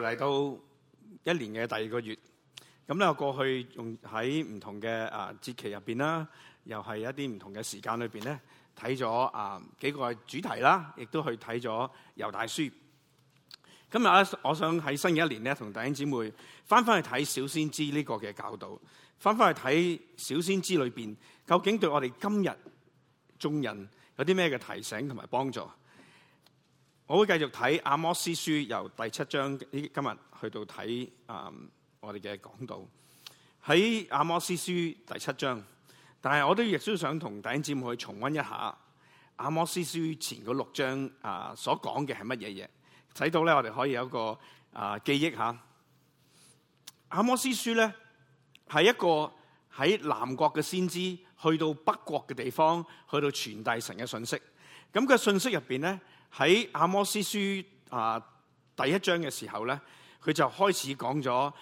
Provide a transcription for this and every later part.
嚟到一年嘅第二個月，咁咧我過去用喺唔同嘅啊節期入邊啦，又係一啲唔同嘅時間裏邊咧，睇咗啊幾個主題啦，亦都去睇咗《猶大書》。今日咧，我想喺新嘅一年咧，同弟兄姊妹翻翻去睇《小先知》呢個嘅教導，翻翻去睇《小先知》裏邊究竟對我哋今日眾人有啲咩嘅提醒同埋幫助？我會繼續睇阿摩斯書由第七章呢，今日去到睇啊、嗯，我哋嘅講道喺阿摩斯書第七章，但係我都亦都想同弟兄姊妹去重溫一下阿摩斯書前個六章啊，所講嘅係乜嘢嘢，睇到咧我哋可以有一個啊記憶吓。阿摩斯書咧係一個喺南國嘅先知去到北國嘅地方去到傳遞神嘅信息，咁個信息入邊咧。喺阿摩司書啊第一章嘅時候咧，佢就開始講咗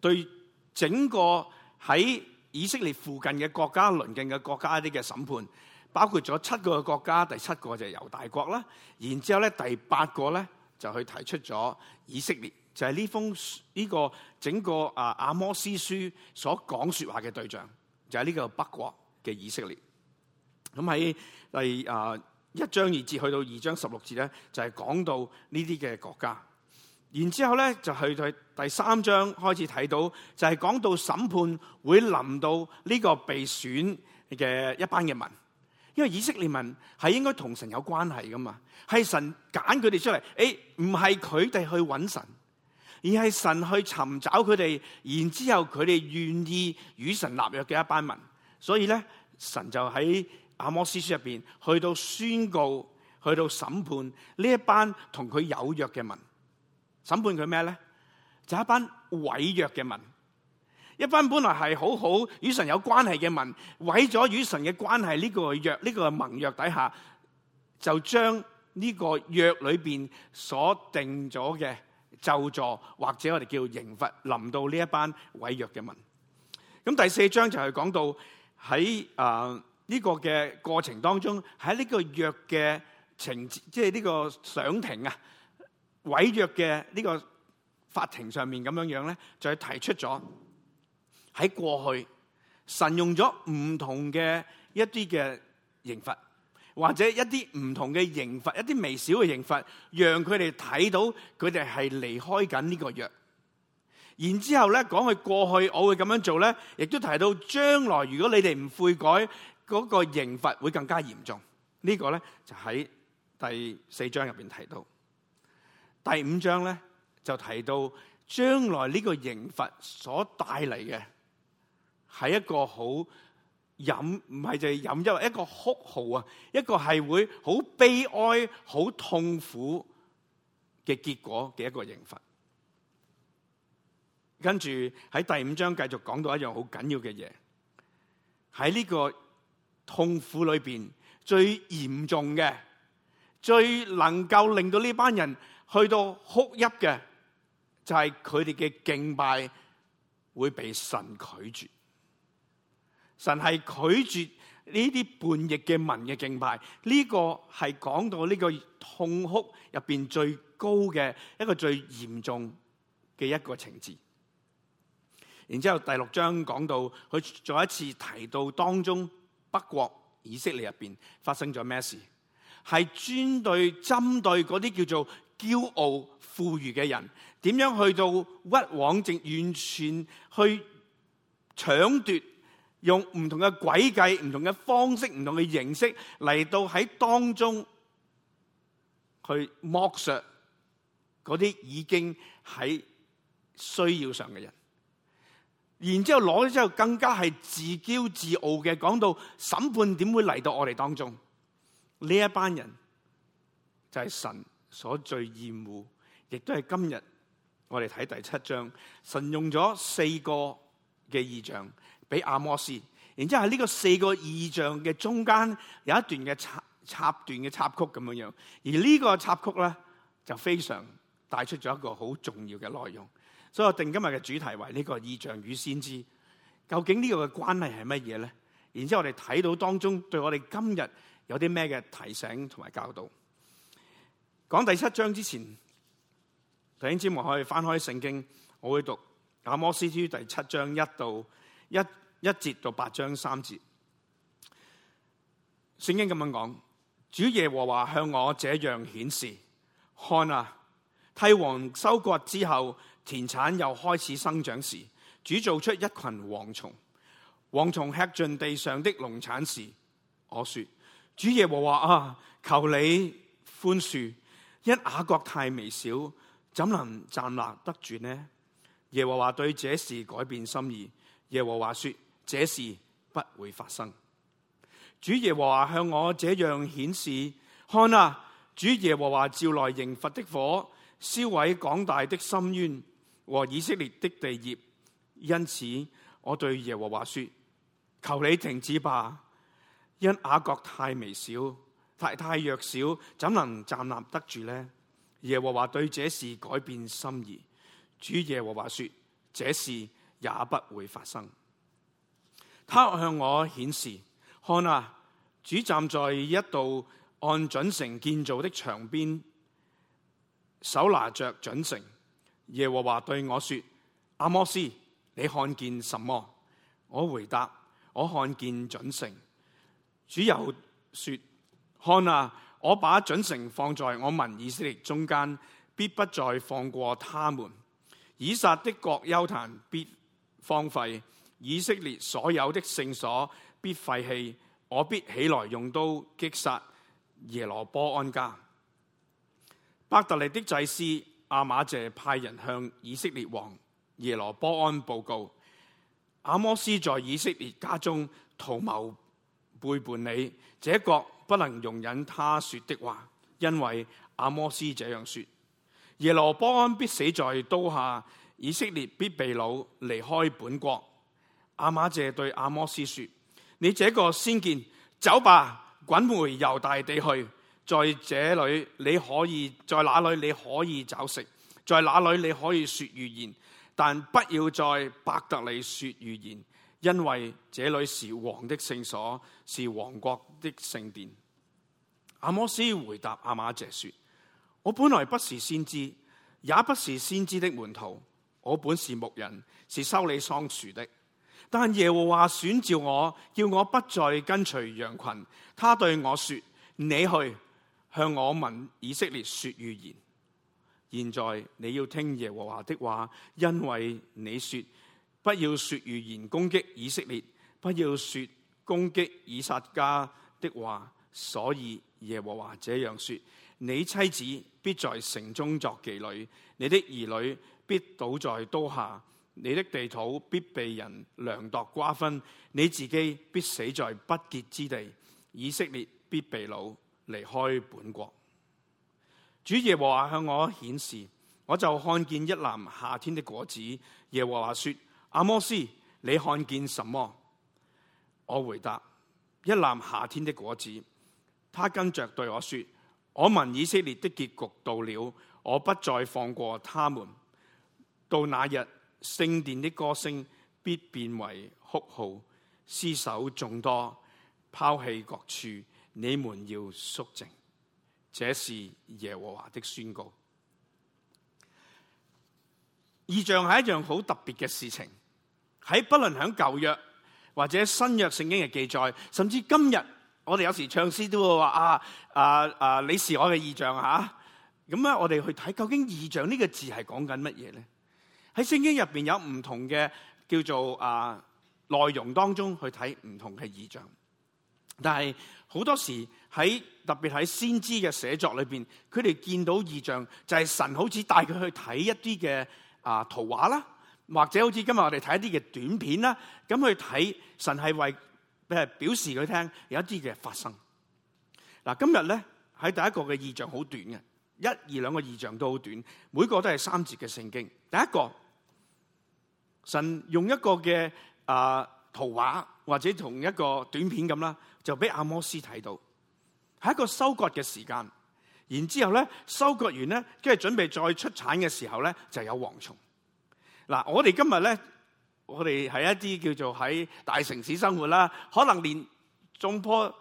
對整個喺以色列附近嘅國家，鄰近嘅國家一啲嘅審判，包括咗七個的國家，第七個就係猶大國啦。然之後咧第八個咧就去提出咗以色列，就係、是、呢封呢、這個整個啊阿摩司書所講說話嘅對象就係、是、呢個北國嘅以色列。咁喺第啊。呃一章二節去到二章十六節咧，就係、是、講到呢啲嘅國家。然之後咧就去到第三章開始睇到，就係、是、講到審判會臨到呢個被選嘅一班嘅民，因為以色列民係應該同神有關係噶嘛，係神揀佢哋出嚟。誒、哎，唔係佢哋去揾神，而係神去尋找佢哋，然之後佢哋願意與神立約嘅一班民。所以咧，神就喺。阿摩斯書入邊，去到宣告，去到審判呢一班同佢有約嘅民，審判佢咩咧？就是、一班毀約嘅民，一班本來係好好與神有關係嘅民，毀咗與神嘅關係。呢、這個約，呢、這個盟約底下，就將呢個約裏邊所定咗嘅咒詛或者我哋叫刑罰，臨到呢一班毀約嘅民。咁第四章就係講到喺誒。呃呢個嘅過程當中，喺呢個約嘅情節，即係呢個上庭啊，毀約嘅呢個法庭上面咁樣樣咧，就係提出咗喺過去神用咗唔同嘅一啲嘅刑罰，或者一啲唔同嘅刑罰，一啲微小嘅刑罰，讓佢哋睇到佢哋係離開緊呢個約。然之後咧講佢過去，我會咁樣做咧，亦都提到將來，如果你哋唔悔改。嗰個刑罰會更加嚴重，呢個咧就喺第四章入邊提到，第五章咧就提到將來呢個刑罰所帶嚟嘅係一個好隱，唔係就係隱，因為一個哭號啊，一個係會好悲哀，好痛苦嘅結果嘅一個刑罰。跟住喺第五章繼續講到一樣好緊要嘅嘢，喺呢個。痛苦裏邊最嚴重嘅，最能夠令到呢班人去到哭泣嘅，就係佢哋嘅敬拜會被神拒絕。神係拒絕呢啲叛逆嘅民嘅敬拜，呢、呢個係講到呢個痛哭入邊最高嘅一個最嚴重嘅一個情節。然之後第六章講到佢再一次提到當中。北國以色列入邊發生咗咩事？係專對針對啲叫做驕傲富裕嘅人，點樣去到屈枉淨完全去搶奪，用唔同嘅詭計、唔同嘅方式、唔同嘅形式嚟到喺當中去剝削啲已經喺需要上嘅人。然之後攞咗之後更加係自驕自傲嘅，講到審判點會嚟到我哋當中呢一班人，就係神所最厭惡，亦都係今日我哋睇第七章，神用咗四個嘅異象俾阿摩司，然之後喺呢個四個異象嘅中間有一段嘅插插段嘅插曲咁樣樣，而呢個插曲咧就非常帶出咗一個好重要嘅內容。所以我定今日嘅主題為呢、這個異象與先知，究竟呢個嘅關係係乜嘢咧？然之後我哋睇到當中對我哋今日有啲咩嘅提醒同埋教導。講第七章之前，弟兄姊妹可以翻開聖經，我會讀阿摩司書第七章一到一一節到八章三節。聖經咁樣講：主耶和華向我這樣顯示，看啊，替王收割之後，田產又開始生長時，主造出一群蝗蟲。蝗蟲吃盡地上的農產時，我說：主耶和華啊，求你寬恕，因雅各太微小，怎能站立得住呢？耶和華對這事改變心意。耶和華說：這事不會發生。主耶和華向我這樣顯示：看啊，主耶和華召來刑罰的火，燒毀廣大的深淵。和以色列的地業，因此我對耶和華說：求你停止吧，因雅各太微小，太太弱小，怎能站立得住呢？耶和華對這事改變心意，主耶和華說：這事也不會發生。他向我顯示：看啊，主站在一道按準繩建造的牆邊，手拿着準繩。」耶和華對我說：阿摩斯，你看見什麼？我回答：我看見準繩。主又說：看啊，我把準繩放在我民以色列中間，必不再放過他們。以撒的國丘壇必荒廢，以色列所有的聖所必廢棄。我必起來用刀擊殺耶羅波安家。伯特利的祭司。阿馬謝派人向以色列王耶羅波安報告：阿摩斯在以色列家中圖謀背叛你，這國不能容忍他說的話，因為阿摩斯這樣說：耶羅波安必死在刀下，以色列必被擄離開本國。阿馬謝對阿摩斯說：你這個先見，走吧，滾回猶大地去。在這裏你可以，在那裏你可以找食，在那裏你可以說預言，但不要在伯特利說預言，因為這裏是王的聖所，是王國的聖殿。阿摩司回答亞瑪謝說：我本來不是先知，也不是先知的門徒，我本是牧人，是修理桑樹的。但耶和華選召我，要我不再跟隨羊群。他對我說：你去。向我問以色列說預言，現在你要聽耶和華的話，因為你說不要說預言攻擊以色列，不要說攻擊以撒家的話，所以耶和華這樣說：你妻子必在城中作妓女，你的兒女必倒在刀下，你的地土必被人量度瓜分，你自己必死在不潔之地，以色列必被擄。」離開本國，主耶和華向我顯示，我就看見一籃夏天的果子。耶和華說：阿摩司，你看見什麼？我回答：一籃夏天的果子。他跟着對我說：我民以色列的結局到了，我不再放過他們。到那日，聖殿的歌聲必變為哭號，屍首眾多，拋棄各處。你們要肅靜，這是耶和華的宣告。異象係一樣好特別嘅事情，喺不論響舊約或者新約聖經嘅記載，甚至今日我哋有時唱詩都會話啊啊啊！你是我嘅異象啊！咁啊，我哋去睇究竟異象呢個字係講緊乜嘢咧？喺聖經入邊有唔同嘅叫做啊內容當中去睇唔同嘅異象。但係好多時喺特別喺先知嘅寫作裏邊，佢哋見到異象就係、是、神好似帶佢去睇一啲嘅啊圖畫啦，或者好似今日我哋睇一啲嘅短片啦，咁去睇神係為誒表示佢聽有一啲嘅發生。嗱，今日咧喺第一個嘅異象好短嘅，一、二兩個異象都好短，每個都係三節嘅聖經。第一個神用一個嘅啊、呃、圖畫或者同一個短片咁啦。就俾阿摩斯睇到，係一個收割嘅時間。然之後咧，收割完咧，跟住準備再出產嘅時候咧，就有蝗蟲。嗱、啊，我哋今日咧，我哋係一啲叫做喺大城市生活啦，可能連種棵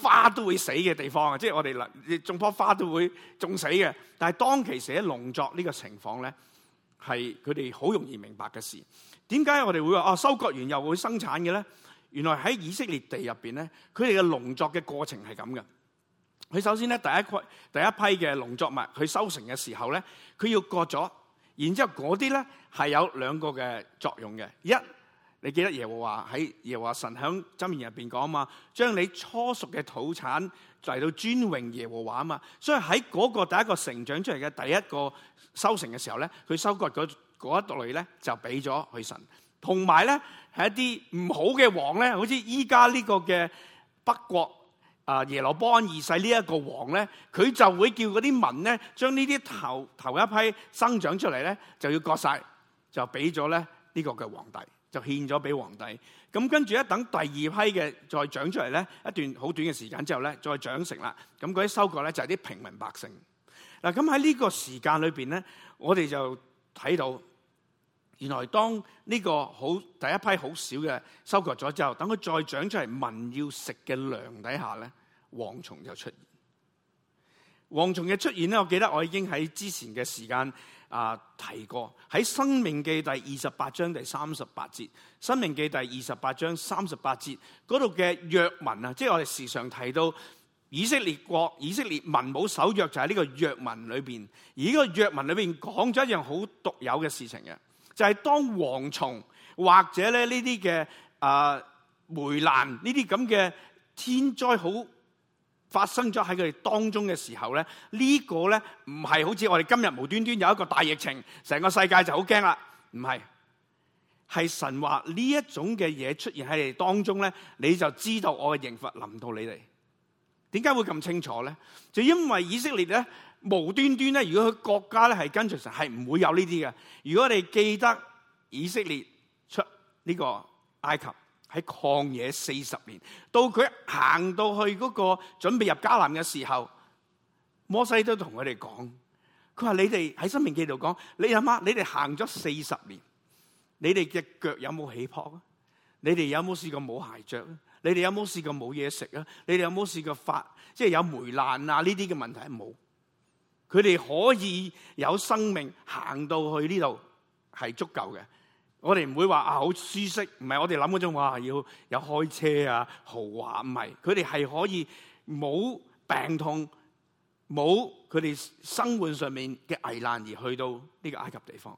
花都會死嘅地方啊！即係我哋嗱，種棵花都會種死嘅。但係當其時喺農作呢個情況咧，係佢哋好容易明白嘅事。點解我哋會話哦，收割完又會生產嘅咧？原來喺以色列地入邊咧，佢哋嘅農作嘅過程係咁嘅。佢首先咧，第一批第一批嘅農作物佢收成嘅時候咧，佢要割咗，然之後嗰啲咧係有兩個嘅作用嘅。一，你記得耶和華喺耶和華神喺箴言入邊講啊嘛，將你初熟嘅土產嚟到尊榮耶和華啊嘛。所以喺嗰個第一個成長出嚟嘅第一個收成嘅時候咧，佢收割嗰嗰一類咧就俾咗去神，同埋咧。係一啲唔好嘅王咧，好似依家呢個嘅北國啊耶羅波安二世呢一個王咧，佢就會叫嗰啲民咧，將呢啲頭頭一批生長出嚟咧，就要割晒，就俾咗咧呢個嘅皇帝，就獻咗俾皇帝。咁跟住一等第二批嘅再長出嚟咧，一段好短嘅時間之後咧，再長成啦。咁嗰啲收割咧就係啲平民百姓。嗱，咁喺呢個時間裏邊咧，我哋就睇到。原來當呢個好第一批好少嘅收割咗之後，等佢再長出嚟，民要食嘅糧底下咧，蝗蟲就出現。蝗蟲嘅出現咧，我記得我已經喺之前嘅時間啊、呃、提過，喺《申命記》第二十八章第三十八節，《申命記》第二十八章三十八節嗰度嘅約文啊，即係我哋時常提到以色列國、以色列民冇守約就係呢個約文裏邊，而呢個約文裏邊講咗一樣好獨有嘅事情嘅。就係當蝗蟲或者咧呢啲嘅、啊梅蘭呢啲咁嘅天災好發生咗喺佢哋當中嘅時候咧呢，呢個咧唔係好似我哋今日無端端有一個大疫情成個世界就好驚啦，唔係，係神話呢一種嘅嘢出現喺你哋當中咧，你就知道我嘅刑罰臨到你哋。點解會咁清楚咧？就因為以色列咧。無端端咧，如果個國家咧係跟隨神，係唔會有呢啲嘅。如果你記得以色列出呢個埃及喺曠野四十年，到佢行到去嗰個準備入迦南嘅時候，摩西都同佢哋講：，佢話你哋喺《申命記》度講，你諗下，你哋行咗四十年，你哋隻腳有冇起泡啊？你哋有冇試過冇鞋着？們有有們有有啊？你哋有冇試過冇嘢食啊？你哋有冇試過發即係有霉爛啊？呢啲嘅問題係冇。沒有。佢哋可以有生命行到去呢度係足夠嘅，我哋唔會話啊好舒適，唔係，我哋諗嗰種話要有開車啊豪華，唔係，佢哋係可以冇病痛，冇佢哋生活上面嘅危難而去到呢個埃及地方。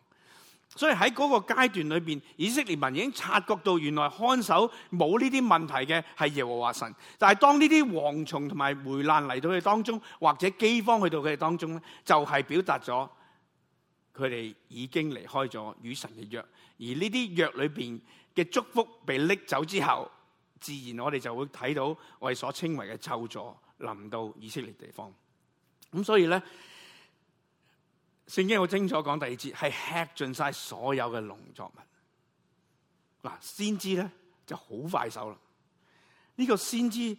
所以喺嗰個階段裏邊，以色列民已經察覺到，原來看守冇呢啲問題嘅係耶和華神。但係當呢啲蝗蟲同埋霉爛嚟到佢哋當中，或者饑荒去到佢哋當中咧，就係、是、表達咗佢哋已經離開咗與神嘅約。而呢啲約裏邊嘅祝福被拎走之後，自然我哋就會睇到我哋所稱為嘅咒詛臨到以色列地方。咁所以咧。聖經好清楚講，第二節係吃盡晒所有嘅農作物。嗱，先知咧就好快手啦。呢個先知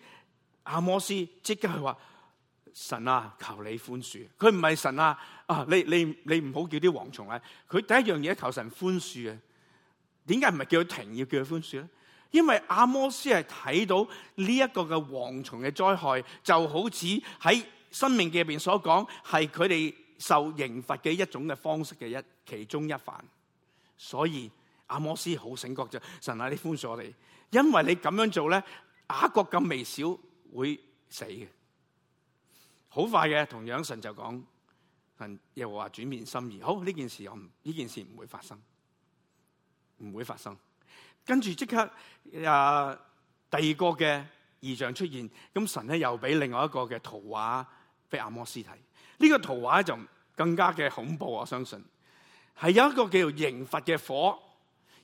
阿摩斯即刻係話，神啊，求你寬恕。佢唔係神啊，啊，你你你唔好叫啲蝗蟲啊。佢第一樣嘢求神寬恕啊，點解唔係叫佢停，要叫佢寬恕咧？因為阿摩斯係睇到呢一個嘅蝗蟲嘅災害，就好似喺《生命記》入邊所講係佢哋受刑罰嘅一種嘅方式嘅一其中一範，所以阿摩斯好醒覺就神啊！你寬恕我哋，因為你咁樣做咧，雅各咁微小會死嘅，好快嘅。同樣神就講神又話轉變心意，好呢件事我唔呢件事唔會發生，唔會發生。跟住即刻誒第二個嘅異象出現，咁神咧又俾另外一個嘅圖畫俾阿摩斯睇。呢個圖畫就更加嘅恐怖，我相信係有一個叫做刑罰嘅火，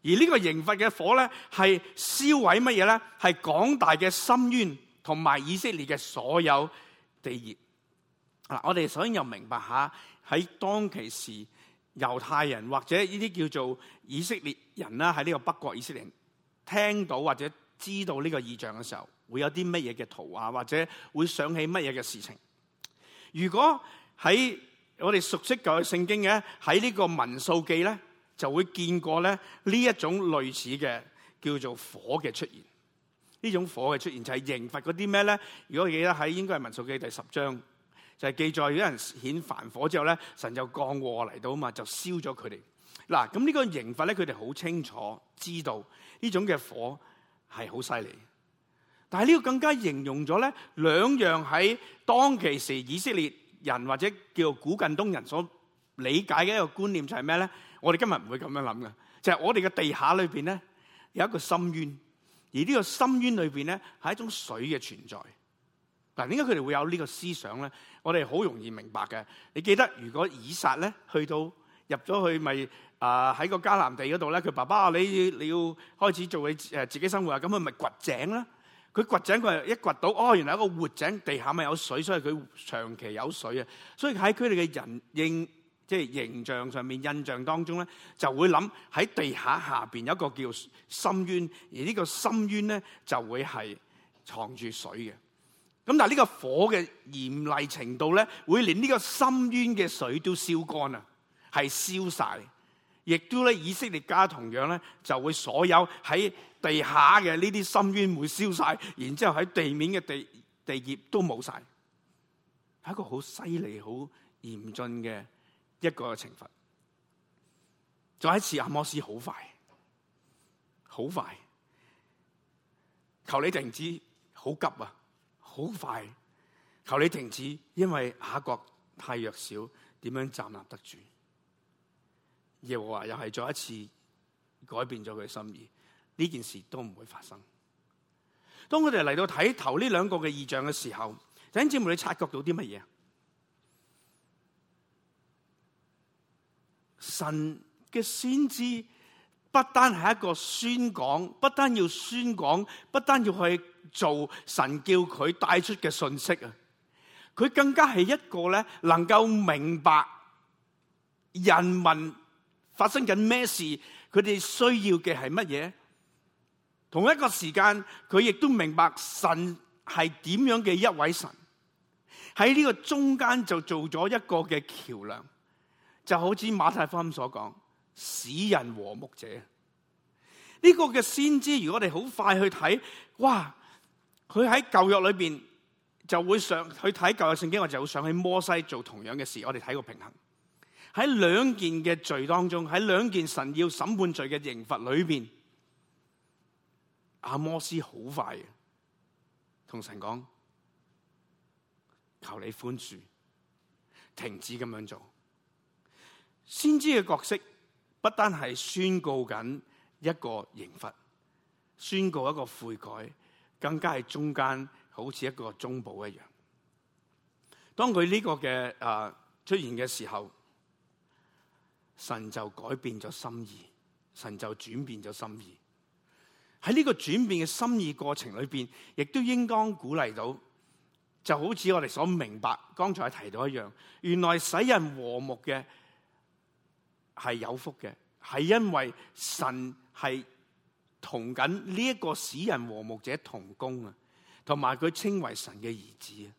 而呢個刑罰嘅火咧，係燒毀乜嘢咧？係廣大嘅深淵同埋以色列嘅所有地業。嗱，我哋首先又明白下喺當其時猶太人或者呢啲叫做以色列人啦，喺呢個北國以色列聽到或者知道呢個意象嘅時候，會有啲乜嘢嘅圖畫，或者會想起乜嘢嘅事情？如果喺我哋熟悉舊嘅聖經嘅喺呢個民數記咧，就會見過咧呢一種類似嘅叫做火嘅出現。呢種火嘅出現就係刑罰嗰啲咩咧？如果我記得喺應該係民數記第十章就係、是、記載有人獻凡火之後咧，神就降禍嚟到啊嘛，就燒咗佢哋嗱。咁呢個刑罰咧，佢哋好清楚知道呢種嘅火係好犀利，但係呢個更加形容咗咧兩樣喺當其時以色列。人或者叫做古近東人所理解嘅一個觀念就係咩咧？我哋今日唔會咁樣諗嘅，就係我哋嘅地下裏邊咧，有一個深淵，而呢個深淵裏邊咧係一種水嘅存在。嗱，點解佢哋會有呢個思想咧？我哋好容易明白嘅。你記得如果以撒咧去到入咗去咪啊喺個迦南地嗰度咧，佢爸爸，你你要開始做你誒自己生活啊，咁佢咪掘井啦。佢掘井，佢係一掘到哦，原來一個活井，地下咪有水，所以佢長期有水啊。所以喺佢哋嘅人印即係形象上面印象當中咧，就會諗喺地下下邊有一個叫深淵，而呢個深淵咧就會係藏住水嘅。咁但係呢個火嘅嚴厲程度咧，會連呢個深淵嘅水都燒乾啊，係燒晒。亦都咧，以色列家同樣咧，就會所有喺地下嘅呢啲深淵會消晒，然之後喺地面嘅地地業都冇晒。係一個好犀利、好嚴峻嘅一個懲罰。再一次，阿摩斯好快，好快，求你停止，好急啊，好快，求你停止，因為雅各太弱小，點樣站立得住？耶和華又係再一次改變咗佢嘅心意，呢件事都唔會發生。當我哋嚟到睇頭呢兩個嘅異象嘅時候，弟兄姊妹你察覺到啲乜嘢？神嘅先知不單係一個宣講，不單要宣講，不單要去做神叫佢帶出嘅信息啊！佢更加係一個咧能夠明白人民。發生緊咩事？佢哋需要嘅係乜嘢？同一個時間，佢亦都明白神係點樣嘅一位神，喺呢個中間就做咗一個嘅橋樑，就好似馬太福音所講，使人和睦者。呢、這個嘅先知，如果我哋好快去睇，哇！佢喺舊約裏邊就會上去睇舊約聖經，或者就會上去摩西做同樣嘅事。我哋睇個平衡。喺兩件嘅罪當中，喺兩件神要審判罪嘅刑罰裏邊，阿摩司好快同神講，求你寬恕，停止咁樣做。先知嘅角色不單係宣告緊一個刑罰，宣告一個悔改，更加係中間好似一個中保一樣。當佢呢個嘅誒、呃、出現嘅時候。神就改變咗心意，神就轉變咗心意。喺呢個轉變嘅心意過程裏邊，亦都應當鼓勵到，就好似我哋所明白剛才提到一樣。原來使人和睦嘅係有福嘅，係因為神係同緊呢一個使人和睦者同工啊，同埋佢稱為神嘅兒子啊。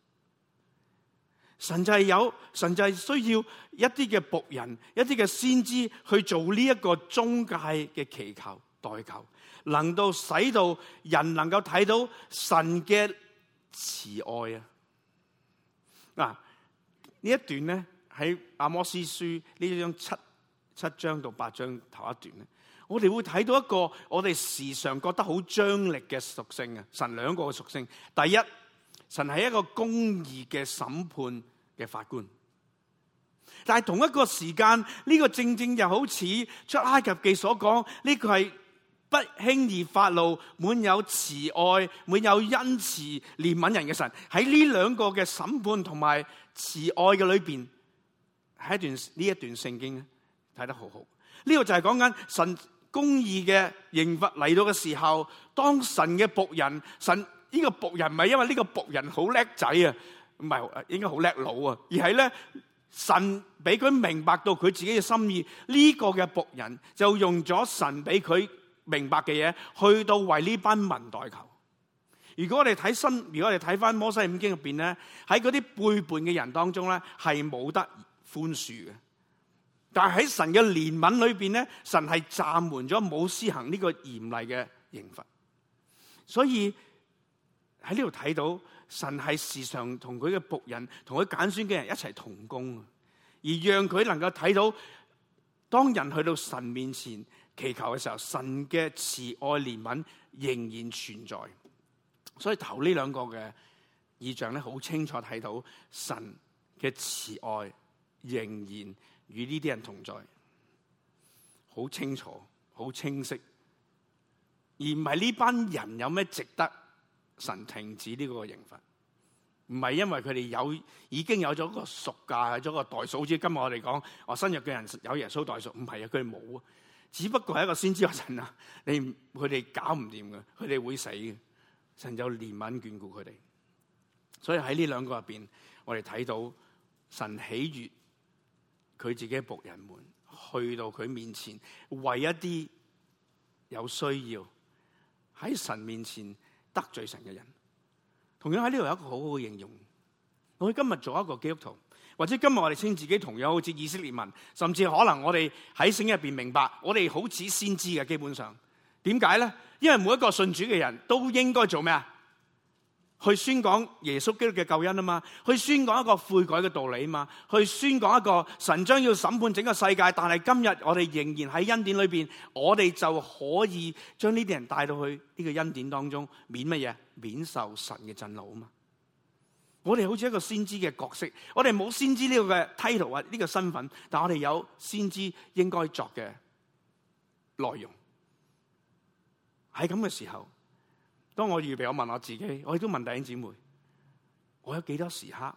神就係有，神就係需要一啲嘅僕人，一啲嘅先知去做呢一個中介嘅祈求代求，能夠使到人能夠睇到神嘅慈愛啊！嗱，呢一段咧喺阿摩司書呢張七七章到八章頭一段咧，我哋會睇到一個我哋時常覺得好張力嘅屬性啊！神兩個嘅屬性，第一，神係一個公義嘅審判嘅法官，但係同一個時間，呢個正正又好似出埃及記所講，呢個係不輕易發怒、滿有慈愛、滿有恩慈憐憫人嘅神。喺呢兩個嘅審判同埋慈愛嘅裏邊，喺一段呢一段聖經睇得好好。呢個就係講緊神公義嘅刑罰嚟到嘅時候，當神嘅僕人，神呢個僕人唔係因為呢個僕人好叻仔啊。唔係應該好叻佬啊，而係咧，神俾佢明白到佢自己嘅心意，呢個嘅僕人就用咗神俾佢明白嘅嘢，去到為呢班民代求。如果我哋睇新，如果我哋睇翻摩西五經入邊咧，喺嗰啲背叛嘅人當中咧，係冇得寬恕嘅。但係喺神嘅憐憫裏邊咧，神係暫緩咗冇施行呢個嚴厲嘅刑罰。所以喺呢度睇到。神係時常同佢嘅僕人、同佢揀選嘅人一齊同工，而讓佢能夠睇到，當人去到神面前祈求嘅時候，神嘅慈愛憐憫仍然存在。所以頭呢兩個嘅異象咧，好清楚睇到神嘅慈愛仍然與呢啲人同在，好清楚、好清晰，而唔係呢班人有咩值得。神停止呢個刑罰，唔係因為佢哋有已經有咗個贖價，有咗個代數，似今日我哋講我、哦、新約嘅人有耶穌代贖，唔係啊，佢哋冇啊，只不過係一個先知嘅神啊，你佢哋搞唔掂嘅，佢哋會死嘅，神就憐憫眷、眷顧佢哋，所以喺呢兩個入邊，我哋睇到神喜悅佢自己僕人們去到佢面前，為一啲有需要喺神面前。得罪神嘅人，同樣喺呢度有一個好好嘅形容。我哋今日做一個基督徒，或者今日我哋稱自己同樣好似以色列民，甚至可能我哋喺聖經入邊明白，我哋好似先知嘅。基本上，點解咧？因為每一個信主嘅人都應該做咩啊？去宣講耶穌基督嘅救恩啊嘛，去宣講一個悔改嘅道理啊嘛，去宣講一個神將要審判整個世界，但係今日我哋仍然喺恩典裏邊，我哋就可以將呢啲人帶到去呢個恩典當中免乜嘢？免受神嘅震怒啊嘛！我哋好似一個先知嘅角色，我哋冇先知呢個嘅 title 啊呢個身份，但我哋有先知應該作嘅內容。喺咁嘅時候。當我預備，我問我自己，我亦都問弟兄姊妹，我有幾多時刻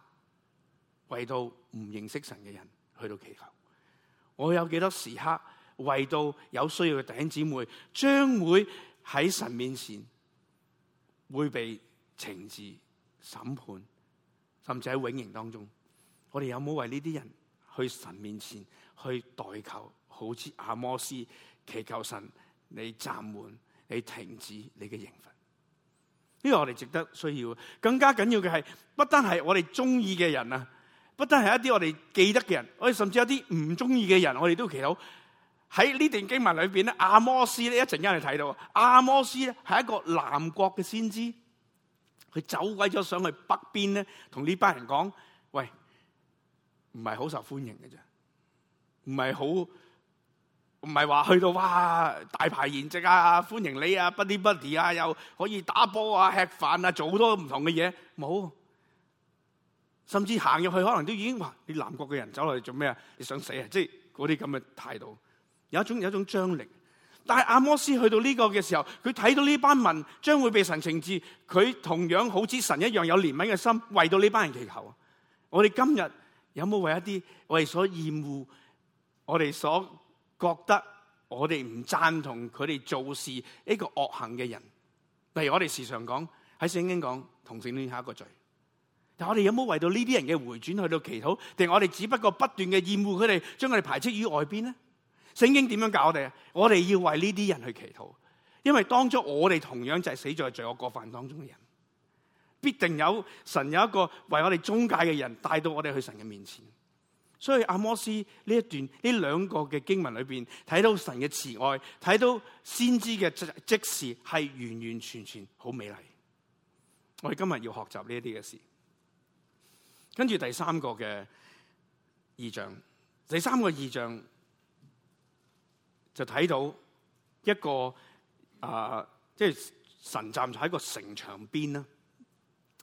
為到唔認識神嘅人去到祈求？我有幾多時刻為到有需要嘅弟兄姊妹，將會喺神面前會被懲治審判，甚至喺永刑當中，我哋有冇為呢啲人去神面前去代求？好似阿摩斯祈求神，你暫緩，你停止你嘅刑罰。呢個我哋值得需要，更加緊要嘅係不單係我哋中意嘅人啊，不單係一啲我哋記得嘅人，我哋甚至有啲唔中意嘅人，我哋都祈禱。喺呢段經文裏邊咧，阿摩斯咧，一陣間你睇到阿摩斯咧係一個南國嘅先知，佢走鬼咗上去北邊咧，同呢班人講：喂，唔係好受歡迎嘅啫，唔係好。唔係話去到哇大排筵席啊歡迎你啊不離不離啊又可以打波啊吃飯啊做好多唔同嘅嘢冇，甚至行入去可能都已經哇你南國嘅人走落嚟做咩啊你想死啊即係嗰啲咁嘅態度有一種有一種張力，但係阿摩斯去到呢個嘅時候，佢睇到呢班民將會被神懲治，佢同樣好似神一樣有憐憫嘅心為到呢班人祈求。我哋今日有冇為一啲我哋所厭惡我哋所？覺得我哋唔贊同佢哋做事呢個惡行嘅人，例如我哋時常講喺聖經講同性戀下一個罪，但我哋有冇為到呢啲人嘅回轉去到祈禱？定我哋只不過不斷嘅厭惡佢哋，將佢哋排斥於外邊呢？聖經點樣教我哋啊？我哋要為呢啲人去祈禱，因為當初我哋同樣就係死在罪惡過犯當中嘅人，必定有神有一個為我哋中介嘅人帶到我哋去神嘅面前。所以阿摩斯呢一段呢兩個嘅經文裏邊，睇到神嘅慈愛，睇到先知嘅即時係完完全全好美麗。我哋今日要學習呢一啲嘅事。跟住第三個嘅異象，第三個異象就睇到一個啊，即、呃、係、就是、神站喺個城牆邊啦。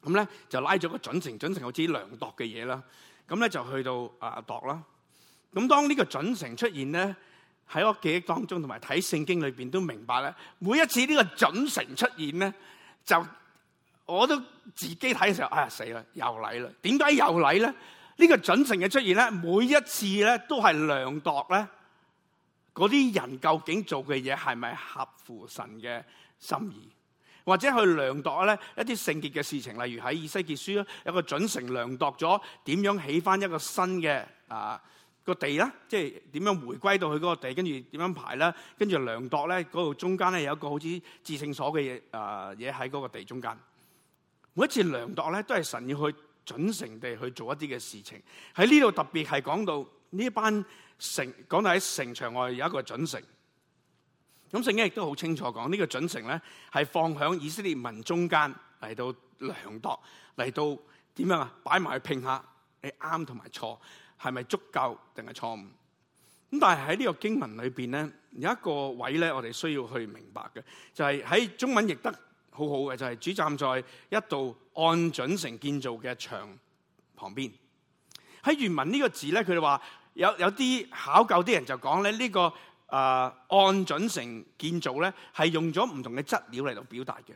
咁咧就拉咗個準繩、準繩，有自己量度嘅嘢啦。咁咧就去到啊度啦。咁當呢個準繩出現咧，喺我記憶當中同埋睇聖經裏邊都明白咧，每一次呢個準繩出現咧，就我都自己睇嘅時候，哎呀死啦，又嚟啦！點解又嚟咧？呢、呢個準繩嘅出現咧，每一次咧都係量度咧嗰啲人究竟做嘅嘢係咪合乎神嘅心意？或者去量度咧一啲聖潔嘅事情，例如喺以西結書咧有一個準繩，量度咗，點樣起返一個新嘅啊個地啦，即係點樣回歸到佢嗰個地，跟住點樣排啦，跟住量度咧嗰度中間咧有一個好似至聖所嘅嘢啊嘢喺嗰個地中間，每一次量度咧都係神要去準繩地去做一啲嘅事情，喺呢度特別係講到呢一班城，講到喺城牆外有一個準繩。咁聖經亦都好清楚講，呢個準繩咧係放喺以色列民中間嚟到量度，嚟到點樣啊？擺埋去拼下你啱同埋錯，係咪足夠定係錯誤？咁但係喺呢個經文裏邊咧，有一個位咧，我哋需要去明白嘅，就係喺中文譯得好好嘅，就係主站在一道按準繩建造嘅牆旁邊。喺原文呢個字咧，佢哋話有有啲考究啲人就講咧呢個。啊，uh, 按準繩建造咧，係用咗唔同嘅質料嚟到表達嘅，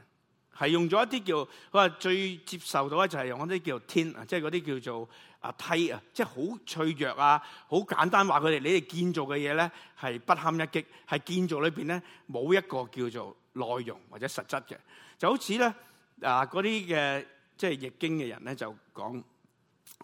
係用咗一啲叫佢話最接受到咧，就係用一啲叫天啊，即係嗰啲叫做啊梯啊，即係好脆弱啊，好簡單話佢哋你哋建造嘅嘢咧係不堪一擊，係建造裏邊咧冇一個叫做內容或者實質嘅，就好似咧嗱嗰啲嘅即係易經嘅人咧就講。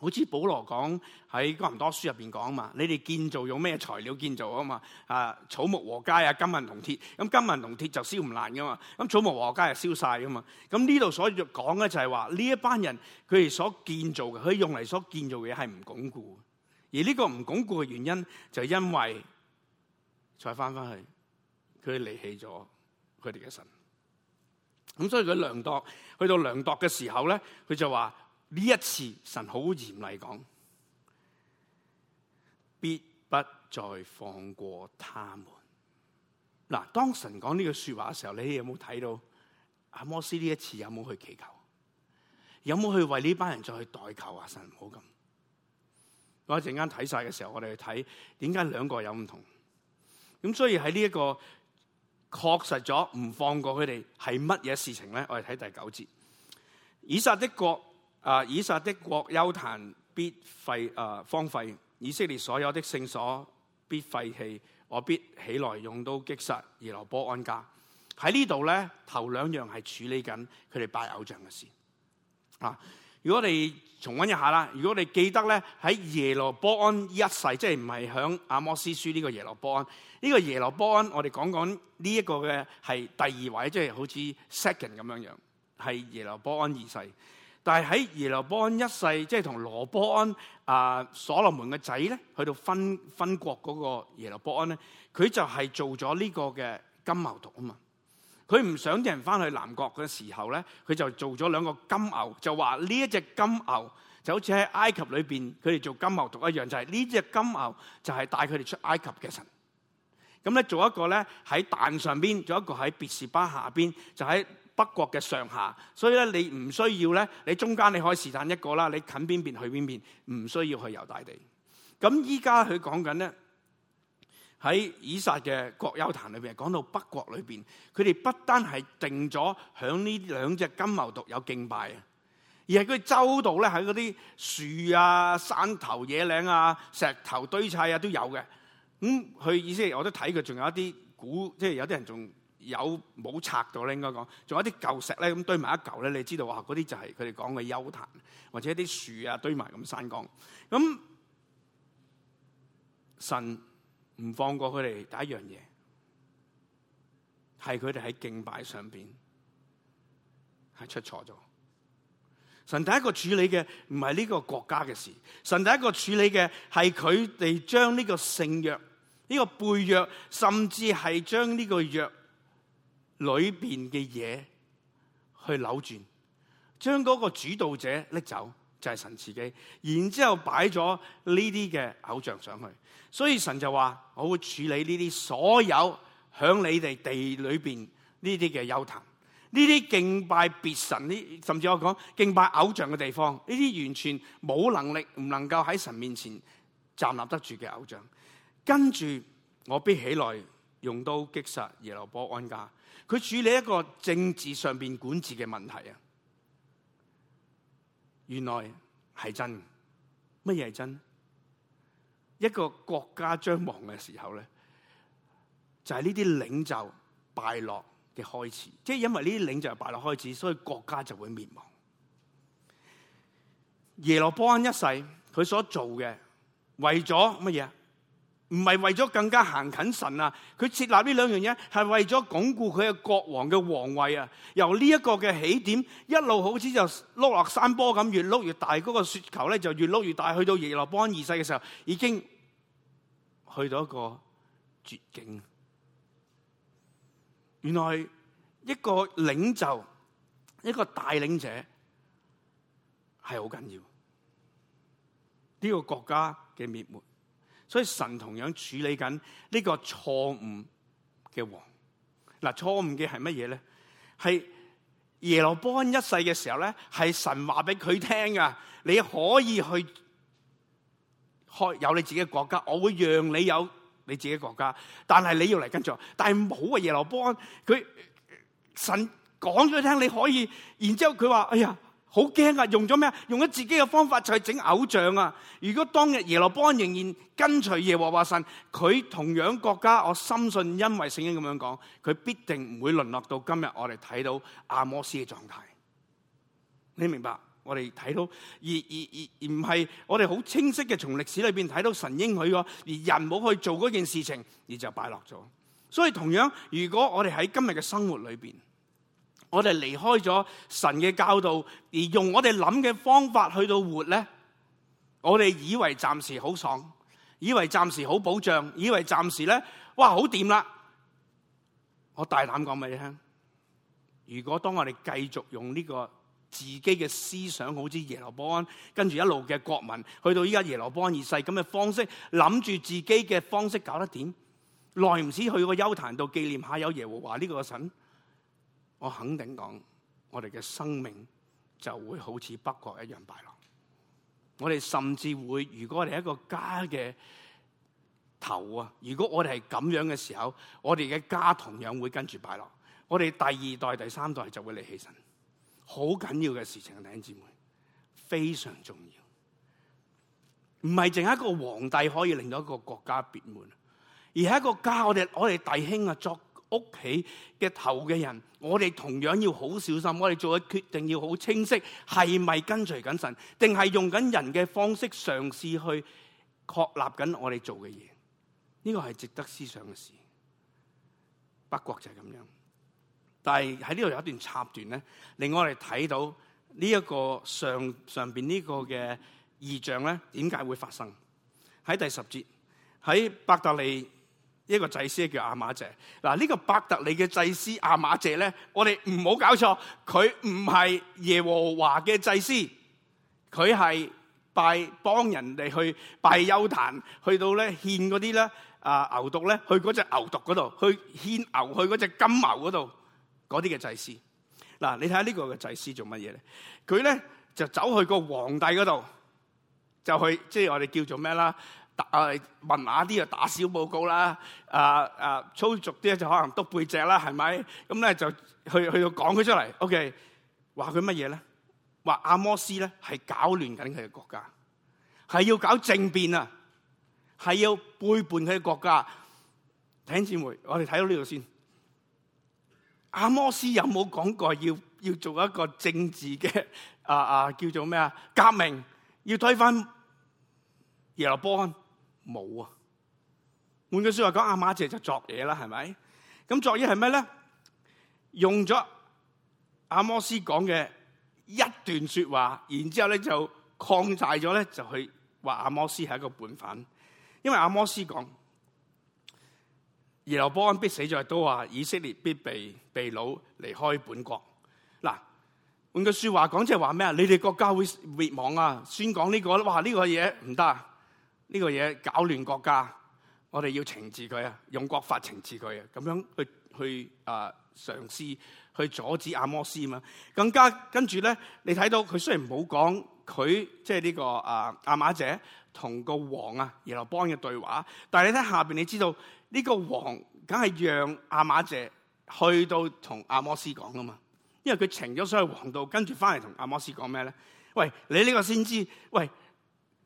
好似保羅講喺哥林多書入邊講啊嘛，你哋建造用咩材料建造啊嘛？啊，草木禾稭啊，金銀銅鐵，咁金銀銅鐵就燒唔爛噶嘛，咁草木禾稭又燒晒噶嘛。咁呢度所講嘅就係話呢一班人佢哋所建造嘅，佢用嚟所建造嘅嘢係唔鞏固，而呢個唔鞏固嘅原因就係因為，再翻翻去佢離棄咗佢哋嘅神。咁所以佢量度去到量度嘅時候咧，佢就話。呢一次神好嚴厲講，必不再放過他們。嗱，當神講呢句說話嘅時候，你有冇睇到阿摩斯呢一次有冇去祈求，有冇去為呢班人再去代求啊？神唔好咁。我一陣間睇晒嘅時候，我哋去睇點解兩個有唔同。咁所以喺呢一個確實咗唔放過佢哋係乜嘢事情咧？我哋睇第九節，以撒的國。啊！以撒的國丘壇必廢，啊、呃、荒廢。以色列所有的聖所必廢棄。我必起來用刀擊殺耶羅波安家。喺呢度咧，頭兩樣係處理緊佢哋拜偶像嘅事。啊！如果我哋重温一下啦，如果我哋記得咧，喺耶羅波安一世，即係唔係響阿摩司書呢個耶羅波安？呢、呢個耶羅波安，我哋講講呢一個嘅係第二位，即、就、係、是、好似 second 咁樣樣，係耶羅波安二世。但係喺耶羅波安一世，即係同羅波安啊、呃，所羅門嘅仔咧，去到分分國嗰個耶羅波安咧，佢就係做咗呢個嘅金牛犢啊嘛！佢唔想啲人翻去南國嘅時候咧，佢就做咗兩個金牛，就話呢一隻金牛就好似喺埃及裏邊佢哋做金牛犢一樣，就係呢隻金牛就係帶佢哋出埃及嘅神。咁咧做一個咧喺但上邊，做一個喺別是巴下邊，就喺。北國嘅上下，所以咧你唔需要咧，你中間你可以是但一個啦，你近邊邊去邊邊，唔需要去猶大地。咁依家佢講緊咧喺以撒嘅國邱壇裏邊，講到北國裏邊，佢哋不單係定咗響呢兩隻金牛犢有敬拜，而係佢周度咧喺嗰啲樹啊、山頭野嶺啊、石頭堆砌啊都有嘅。咁、嗯、佢意思係，我都睇佢仲有一啲古，即、就、係、是、有啲人仲。有冇拆到咧？應該講仲有啲舊石咧，咁堆埋一嚿咧。你知道哇，嗰啲就係佢哋講嘅丘壇，或者啲樹啊堆埋咁山崗。咁神唔放過佢哋第一樣嘢，係佢哋喺敬拜上邊係出錯咗。神第一個處理嘅唔係呢個國家嘅事，神第一個處理嘅係佢哋將呢個聖約、呢個背約，甚至係將呢個約。裏邊嘅嘢去扭轉，將嗰個主導者拎走，就係、是、神自己。然之後擺咗呢啲嘅偶像上去，所以神就話：我會處理呢啲所有響你哋地裏邊呢啲嘅邱壇，呢啲敬拜別神，呢甚至我講敬拜偶像嘅地方，呢啲完全冇能力，唔能夠喺神面前站立得住嘅偶像。跟住我必起來。用刀擊殺耶羅波安家，佢處理一個政治上邊管治嘅問題啊。原來係真，乜嘢係真？一個國家將亡嘅時候咧，就係呢啲領袖敗落嘅開始。即係因為呢啲領袖敗落開始，所以國家就會滅亡。耶羅波安一世佢所做嘅為咗乜嘢？唔係為咗更加行近神啊，佢設立呢兩樣嘢係為咗鞏固佢嘅國王嘅皇位啊。由呢一個嘅起點，一路好似就碌落山坡咁，越碌越大，嗰、那個雪球咧就越碌越大。去到耶羅波安二世嘅時候，已經去到一個絕境。原來一個領袖，一個帶領者係好緊要。呢、這個國家嘅滅沒。所以神同樣處理緊呢個錯誤嘅王。嗱，錯誤嘅係乜嘢咧？係耶羅波安一世嘅時候咧，係神話俾佢聽啊，你可以去開有你自己嘅國家，我會讓你有你自己嘅國家，但係你要嚟跟著。但係唔好啊，耶羅波安，佢神講咗佢聽你可以，然之後佢話哎呀！好驚啊！用咗咩啊？用咗自己嘅方法就去整偶像啊！如果當日耶羅邦仍然跟隨耶和華神，佢同樣國家，我深信因為聖經咁樣講，佢必定唔會淪落到今日我哋睇到阿摩斯嘅狀態。你明白？我哋睇到，而而而而唔係我哋好清晰嘅，從歷史裏邊睇到神應許個，而人冇去做嗰件事情，而就敗落咗。所以同樣，如果我哋喺今日嘅生活裏邊，我哋離開咗神嘅教導，而用我哋諗嘅方法去到活咧，我哋以為暫時好爽，以為暫時好保障，以為暫時咧，哇好掂啦！我大膽講俾你聽，如果當我哋繼續用呢個自己嘅思想，好似耶羅波安跟住一路嘅國民，去到依家耶羅波安二世咁嘅方式，諗住自己嘅方式搞得點，耐唔時去個丘壇度紀念下有耶和華呢個神。我肯定講，我哋嘅生命就會好似北國一樣敗落。我哋甚至會，如果我哋一個家嘅頭啊，如果我哋係咁樣嘅時候，我哋嘅家同樣會跟住敗落。我哋第二代、第三代就會離棄神。好緊要嘅事情啊，弟兄姊妹，非常重要。唔係淨係一個皇帝可以令到一個國家變滿，而係一個家，我哋我哋弟兄啊作。屋企嘅頭嘅人，我哋同樣要好小心，我哋做嘅決定要好清晰，係咪跟隨緊神，定係用緊人嘅方式嘗試去確立緊我哋做嘅嘢？呢個係值得思想嘅事。北國就係咁樣，但係喺呢度有一段插段咧，令我哋睇到呢一個上上邊呢個嘅異象咧，點解會發生？喺第十節，喺伯特利。一個祭司叫亞瑪謝，嗱、這、呢個伯特利嘅祭司亞瑪謝咧，我哋唔好搞錯，佢唔係耶和華嘅祭司，佢係拜幫，幫人哋去拜丘壇，去到咧獻嗰啲咧啊牛犢咧，去嗰隻牛犢嗰度，去獻牛去嗰隻金牛嗰度，嗰啲嘅祭司。嗱，你睇下呢個嘅祭司做乜嘢咧？佢咧就走去個皇帝嗰度，就去即係、就是、我哋叫做咩啦？誒文雅啲就打小報告啦，啊啊粗俗啲就可能篤背脊啦，係咪？咁咧就去去到講佢出嚟，O.K. 話佢乜嘢咧？話阿摩斯咧係搞亂緊佢嘅國家，係要搞政變啊，係要背叛佢嘅國家。請轉回，我哋睇到呢度先。阿摩斯有冇講過要要做一個政治嘅啊啊叫做咩啊革命，要推翻耶羅波安。冇啊！換句說話講，阿媽姐就作嘢啦，係咪？咁作嘢係咩咧？用咗阿摩斯講嘅一段說話，然之後咧就擴大咗咧，就去話阿摩斯係一個本犯，因為阿摩斯講耶羅波安必死在都啊，以色列必被秘擄離開本國。嗱，換句說話講，即係話咩啊？你哋國家會滅亡啊！宣講呢個，哇呢個嘢唔得。啊。呢個嘢搞亂國家，我哋要懲治佢啊！用國法懲治佢，咁樣去去啊、呃、嘗試去阻止阿摩斯嘛。更加跟住咧，你睇到佢雖然冇講佢即係、這、呢個啊亞瑪謝同個王啊耶羅邦嘅對話，但係你睇下邊，你知道呢、這個王梗係讓亞瑪謝去到同阿摩斯講噶嘛？因為佢懲咗，所以王道。跟住翻嚟同阿摩斯講咩咧？喂，你呢個先知喂。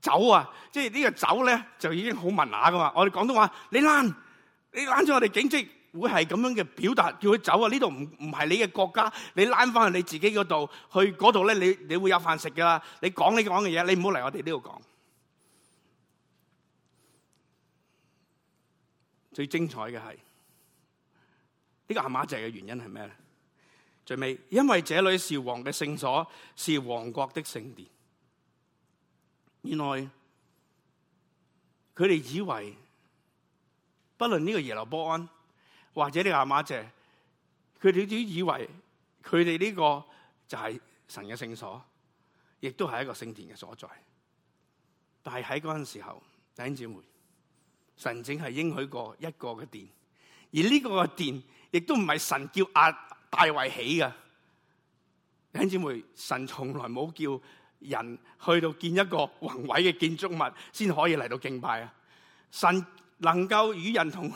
走啊！即係呢個走咧，就已經好文雅噶嘛。我哋廣東話，你滾，你滾住我哋警職會係咁樣嘅表達，叫佢走啊！呢度唔唔係你嘅國家，你滾返去你自己嗰度，去嗰度咧，你你會有飯食噶啦。你講你講嘅嘢，你唔好嚟，我哋呢度講。最精彩嘅係呢個亞瑪謝嘅原因係咩咧？最尾，因為這裏是王嘅聖所，是王國的聖殿。原來佢哋以為不論呢個耶路波安或者呢亞瑪謝，佢哋都以為佢哋呢個就係神嘅聖所，亦都係一個聖殿嘅所在。但係喺嗰陣時候，弟兄姊妹，神正係應許過一個嘅殿，而呢個嘅殿亦都唔係神叫亞大衛起嘅。弟兄姊妹，神從來冇叫。人去到建一個宏偉嘅建築物，先可以嚟到敬拜啊！神能夠與人同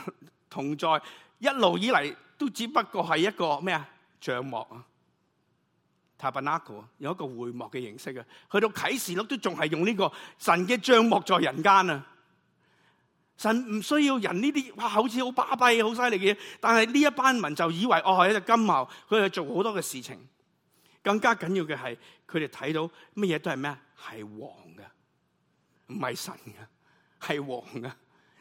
同在，一路以嚟都只不過係一個咩啊？帳幕啊，Tabernacle 有一個會幕嘅形式嘅、啊，去到啟示錄都仲係用呢個神嘅帳幕在人間啊！神唔需要人呢啲哇，好似好巴閉、好犀利嘅嘢。但係呢一班民就以為我係隻金牛，佢去做好多嘅事情。更加緊要嘅係，佢哋睇到乜嘢都係咩啊？係王嘅，唔係神嘅，係王嘅，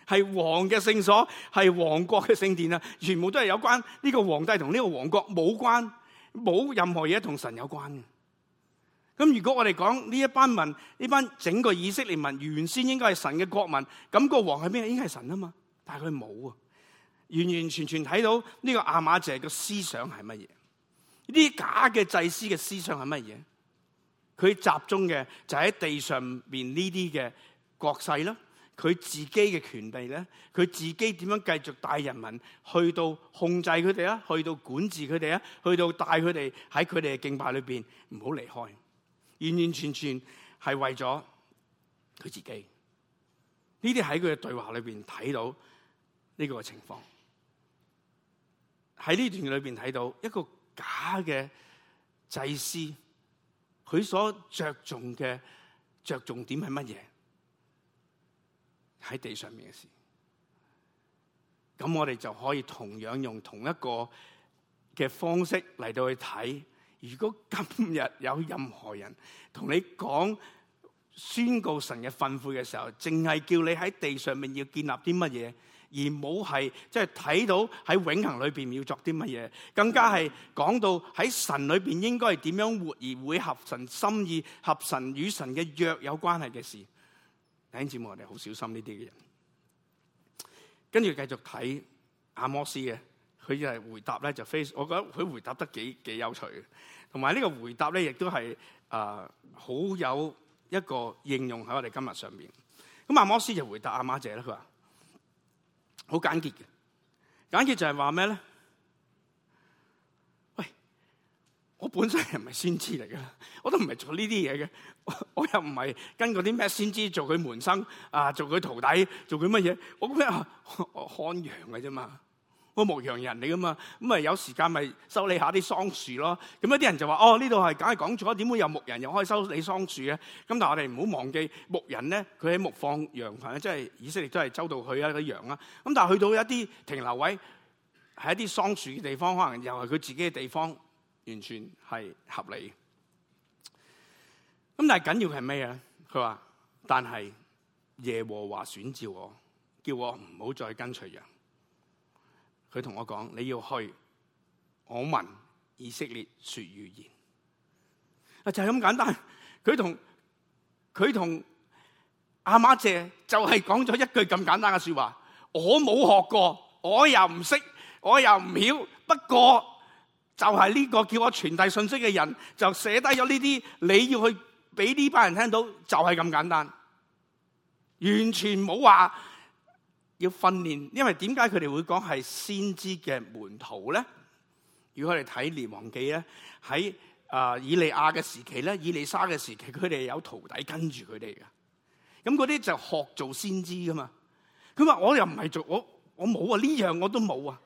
係王嘅聖所，係王國嘅聖殿啊！全部都係有關呢個皇帝同呢個王國冇關，冇任何嘢同神有關嘅。咁如果我哋講呢一班民，呢班整個以色列民原先應該係神嘅國民，咁個王係咩？應該係神啊嘛？但係佢冇啊，完完全全睇到呢個亞瑪謝嘅思想係乜嘢？呢啲假嘅祭司嘅思想係乜嘢？佢集中嘅就喺地上面呢啲嘅國勢啦。佢自己嘅權利咧，佢自己點樣繼續帶人民去到控制佢哋啊？去到管治佢哋啊？去到帶佢哋喺佢哋嘅敬拜裏邊唔好離開，完完全全係為咗佢自己。呢啲喺佢嘅對話裏邊睇到呢個情況，喺呢段裏邊睇到一個。假嘅祭司，佢所着重嘅着重點係乜嘢？喺地上面嘅事。咁我哋就可以同樣用同一個嘅方式嚟到去睇。如果今日有任何人同你講宣告神嘅吩咐嘅時候，淨係叫你喺地上面要建立啲乜嘢？而冇係即係睇到喺永恒裏邊要作啲乜嘢，更加係講到喺神裏邊應該係點樣活而會合神心意，合神與神嘅約有關係嘅事。弟兄姊妹，我哋好小心呢啲嘅人。跟住繼續睇阿摩司嘅，佢就係回答咧就非，我覺得佢回答得幾幾有趣，同埋呢個回答咧亦都係啊好有一個應用喺我哋今日上面。咁阿摩司就回答阿媽姐啦。佢話。好簡潔嘅，簡潔就係話咩咧？喂，我本身又唔係先知嚟嘅，我都唔係做呢啲嘢嘅，我又唔係跟嗰啲咩先知做佢門生啊，做佢徒弟，做佢乜嘢？我咩啊？看羊嘅啫嘛。牧羊人嚟噶嘛？咁咪有時間咪修理下啲桑樹咯？咁一啲人就話：哦，呢度係梗係講錯，點會有牧人又可以修理桑樹嘅？咁但係我哋唔好忘記牧人咧，佢喺牧放羊群，即係以色列都係周到去一啲羊啦。咁但係去到一啲停留位，係一啲桑樹嘅地方，可能又係佢自己嘅地方，完全係合理嘅。咁但係緊要係咩咧？佢話：但係耶和華選召我，叫我唔好再跟隨羊。佢同我講：你要去，我民以色列說預言，啊就係咁簡單。佢同佢同亞瑪謝就係講咗一句咁簡單嘅說話。我冇學過，我又唔識，我又唔曉。不過就係呢個叫我傳遞信息嘅人，就寫低咗呢啲，你要去俾呢班人聽到，就係咁簡單。完全冇話。要訓練，因為點解佢哋會講係先知嘅門徒咧？如果我哋睇《列王記》咧，喺啊以利亞嘅時期咧，以利沙嘅時期，佢哋有徒弟跟住佢哋噶，咁嗰啲就學做先知噶嘛。佢話我又唔係做，我我冇啊，呢樣我都冇啊。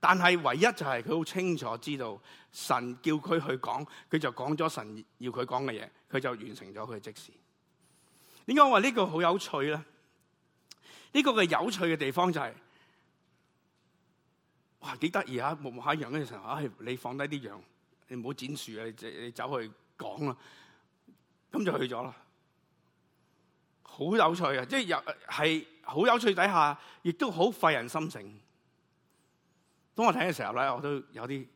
但係唯一就係佢好清楚知道神叫佢去講，佢就講咗神要佢講嘅嘢，佢就完成咗佢嘅即時。點解我話呢個好有趣咧？呢個嘅有趣嘅地方就係、是，哇幾得意啊！牧牧羊人嘅時候，啊你放低啲羊，你唔好剪樹啊！你走去講啦，咁就去咗啦。好有趣啊！即係又係好有趣底下，亦都好費人心情。當我睇嘅時候咧，我都有啲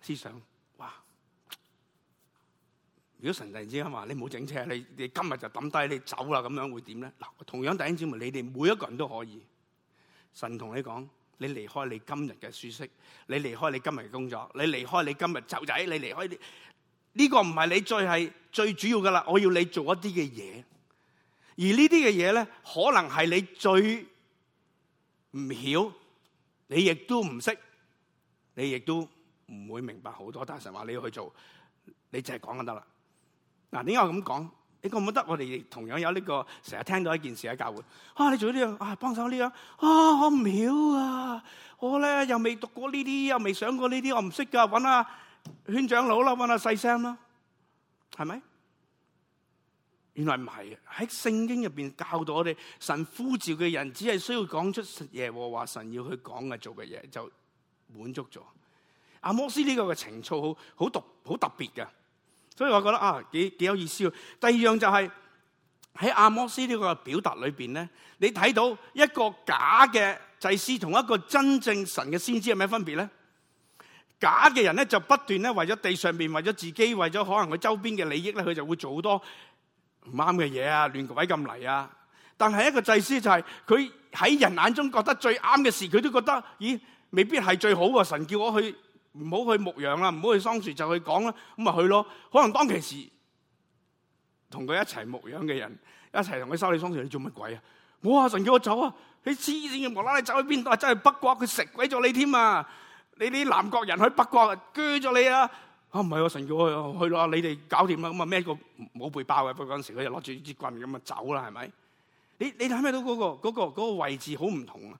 思想。如果神突然之間話你冇整車，你你今日就抌低你走啦，咁樣會點咧？嗱，同樣弟兄姊妹，你哋每一個人都可以，神同你講，你離開你今日嘅舒適，你離開你今日嘅工作，你離開你今日走仔，你離開你呢個唔係你最係最主要噶啦，我要你做一啲嘅嘢，而呢啲嘅嘢咧，可能係你最唔曉，你亦都唔識，你亦都唔會明白好多。但係神話你要去做，你淨係講就得啦。嗱，點解、啊、我咁講？你覺唔覺得我哋同樣有呢、這個？成日聽到一件事喺教會，啊，你做呢樣，啊，幫手呢樣，啊，我唔曉啊，我咧又未讀過呢啲，又未想過呢啲，我唔識噶，搵下圈長佬啦，搵下細聲啦，係咪？原來唔係，喺聖經入邊教導我哋，神呼召嘅人，只係需要講出神耶和華神要去講嘅做嘅嘢，就滿足咗。阿摩司呢個嘅情操好好獨好特別嘅。所以我覺得啊，幾幾有意思。第二樣就係、是、喺阿摩司呢個表達裏面，咧，你睇到一個假嘅祭司同一個真正神嘅先知有咩分別咧？假嘅人咧就不斷咧為咗地上面、為咗自己、為咗可能佢周邊嘅利益咧，佢就會做好多唔啱嘅嘢啊，亂鬼咁嚟啊！但係一個祭司就係佢喺人眼中覺得最啱嘅事，佢都覺得咦，未必係最好啊，神叫我去。唔好去牧羊啦，唔好去桑樹就去講啦，咁咪去咯。可能當其時同佢一齊牧羊嘅人，一齊同佢修理桑樹，你做乜鬼啊？我阿神叫我走啊！你黐線嘅無啦，你走去邊度啊？真係北國佢食鬼咗你添啊！你啲南國人去北國，鋸咗你啊！啊唔係啊，神叫我去咯，你哋搞掂啦，咁啊孭個冇背包嘅，嗰陣時佢就攞住支棍咁啊走啦，係咪？你你睇咩到嗰、嗰個、嗰個、嗰個位置好唔同啊？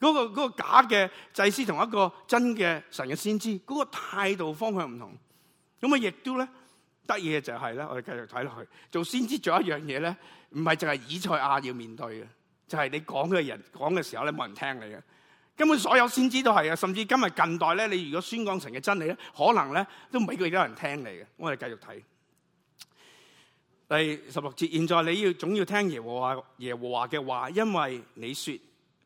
嗰個嗰個假嘅祭司同一個真嘅神嘅先知，嗰個態度方向唔同。咁啊，亦都咧得意嘅就係咧，我哋繼續睇落去做先知做。仲有一樣嘢咧，唔係淨係以賽亞要面對嘅，就係你講嘅人講嘅時候咧，冇人聽你嘅。根本所有先知都係啊，甚至今日近代咧，你如果宣講神嘅真理咧，可能咧都唔係幾多人聽你嘅。我哋繼續睇第十六節。現在你要總要聽耶和華耶和華嘅話，因為你説。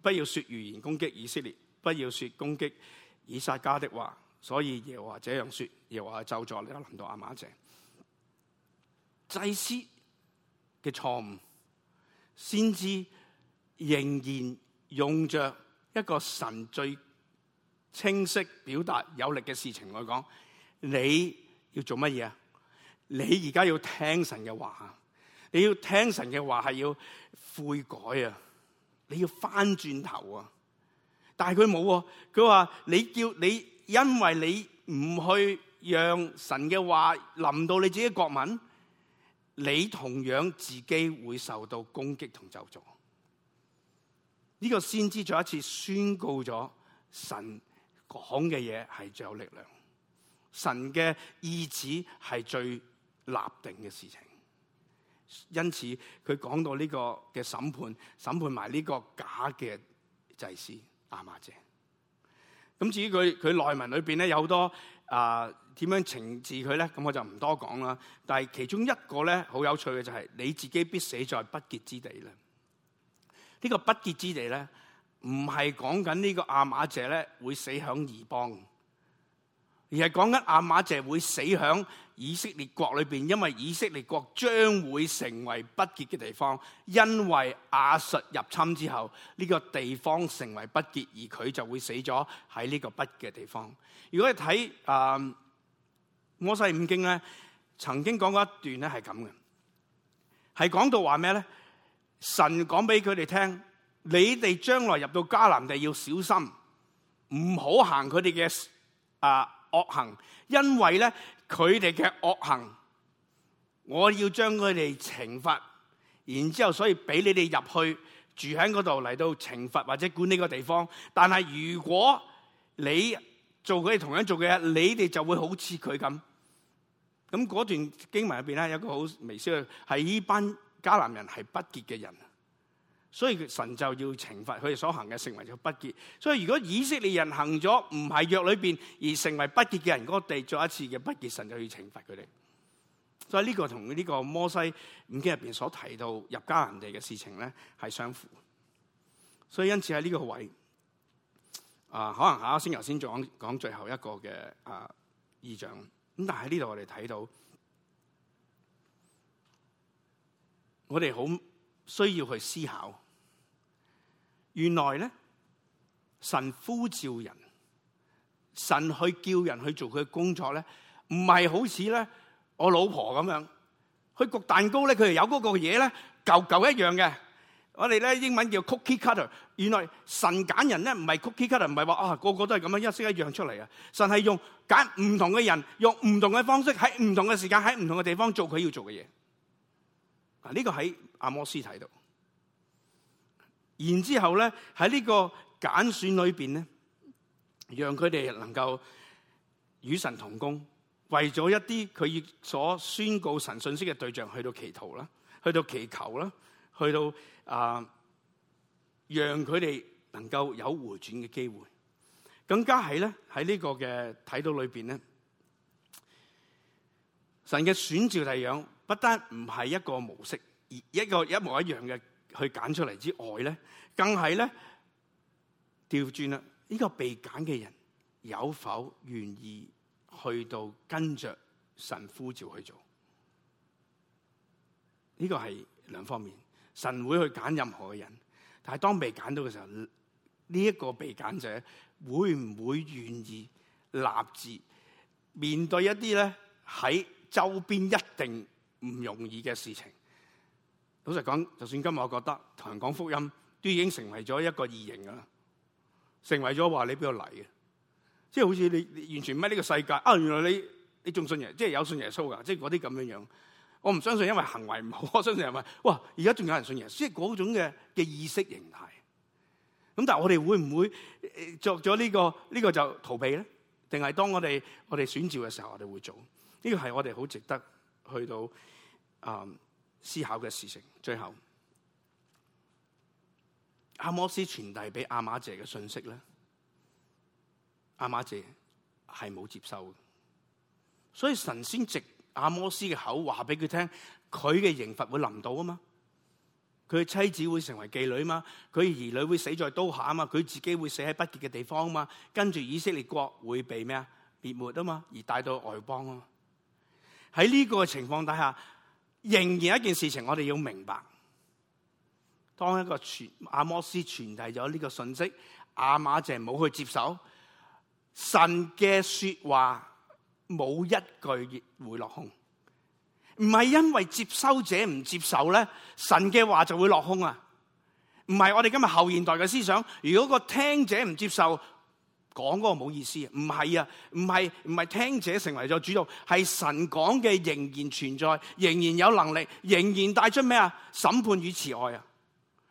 不要說語言攻擊以色列，不要說攻擊以撒家的話。所以耶和華這樣說，耶和華咒詛臨到亞瑪謝祭司嘅錯誤，先至仍然用着一個神最清晰表達有力嘅事情來講，你要做乜嘢？你而家要聽神嘅話，你要聽神嘅話係要悔改啊！你要翻轉頭啊！但係佢冇喎，佢話你叫你，因為你唔去讓神嘅話臨到你自己的國民，你同樣自己會受到攻擊同咒詛。呢個先知再一次宣告咗神講嘅嘢係最有力量，神嘅意志係最立定嘅事情。因此佢講到呢個嘅審判，審判埋呢個假嘅祭司亞瑪謝。咁至於佢佢內文裏邊咧有好多啊點、呃、樣懲治佢咧，咁我就唔多講啦。但係其中一個咧好有趣嘅就係、是、你自己必死在不潔之地啦。呢、這個不潔之地咧，唔係講緊呢個亞瑪謝咧會死響異邦，而係講緊亞瑪謝會死響。以色列國裏邊，因為以色列國將會成為不潔嘅地方，因為亞述入侵之後，呢個地方成為不潔，而佢就會死咗喺呢個不潔嘅地方。如果你睇《啊、嗯、摩西五經》咧，曾經講過一段咧係咁嘅，係講到話咩咧？神講俾佢哋聽，你哋將來入到迦南地要小心，唔好行佢哋嘅啊惡行，因為咧。佢哋嘅惡行，我要將佢哋懲罰，然之後所以俾你哋入去住喺嗰度嚟到懲罰或者管理個地方。但係如果你做佢哋同樣做嘅嘢，你哋就會好似佢咁。咁、嗰、段經文入邊咧，有個好微笑係呢班迦南人係不潔嘅人。所以神就要懲罰佢哋所行嘅，成為就不潔。所以如果以色列人行咗唔係約裏邊而成為不潔嘅人嗰個地，再一次嘅不潔，神就要懲罰佢哋。所以呢個同呢個摩西五經入邊所提到入迦南地嘅事情咧，係相符。所以因此喺呢個位置啊，可能啱先、頭先講講，最後一個嘅啊異象。咁但係喺呢度我哋睇到，我哋好需要去思考。原來咧，神呼召人，神去叫人去做佢嘅工作咧，唔係好似咧我老婆咁樣去焗蛋糕咧，佢又有嗰個嘢咧，舊舊一樣嘅。我哋咧英文叫 cookie cutter。原來神揀人咧，唔係 cookie cutter，唔係話啊個個都係咁樣一式一樣出嚟。啊，神係用揀唔同嘅人，用唔同嘅方式，喺唔同嘅時間，喺唔同嘅地方做佢要做嘅嘢。啊，呢個喺阿摩斯睇到。然之後咧喺呢在這個揀選裏邊咧，讓佢哋能夠與神同工，為咗一啲佢所宣告神信息嘅對象去到祈禱啦，去到祈求啦，去到啊、呃，讓佢哋能夠有回轉嘅機會。更加係咧喺呢個嘅睇到裏邊咧，神嘅選召提養不單唔係一個模式，而一個一模一樣嘅。去揀出嚟之外咧，更係咧調轉啦！呢個被揀嘅人有否願意去到跟着神呼召去做？呢個係兩方面，神會去揀任何嘅人，但係當被揀到嘅時候，呢一個被揀者會唔會願意立志面對一啲咧喺周邊一定唔容易嘅事情？老實講，就算今日我覺得同人講福音，都已經成為咗一個異形啦，成為咗話你邊度嚟嘅，即係好似你，你完全唔喺呢個世界啊！原來你你仲信耶，即係有信耶穌噶，即係嗰啲咁樣樣。我唔相信，因為行為唔好。我相信係咪？哇！而家仲有人信耶，即係嗰種嘅嘅意識形態。咁但係我哋會唔會作咗呢個？呢、這個就逃避咧？定係當我哋我哋選召嘅時候，我哋會做呢、這個？係我哋好值得去到啊！嗯思考嘅事情，最後阿摩司傳遞俾亞瑪謝嘅信息咧，亞瑪謝係冇接受嘅，所以神仙藉阿摩司嘅口話俾佢聽，佢嘅刑罰會臨到啊嘛，佢嘅妻子會成為妓女啊嘛，佢嘅兒女會死在刀下啊嘛，佢自己會死喺不潔嘅地方啊嘛，跟住以色列國會被咩啊滅沒啊嘛，而帶到外邦啊嘛，喺呢個情況底下。仍然一件事情，我哋要明白：當一個傳阿摩斯傳遞咗呢個信息，亞瑪謝冇去接受神嘅說話，冇一句會落空。唔係因為接收者唔接受咧，神嘅話就會落空啊！唔係我哋今日後現代嘅思想，如果個聽者唔接受。講嗰個冇意思，唔係啊，唔係唔係，聽者成為咗主導，係神講嘅仍然存在，仍然有能力，仍然帶出咩啊？審判與慈愛啊！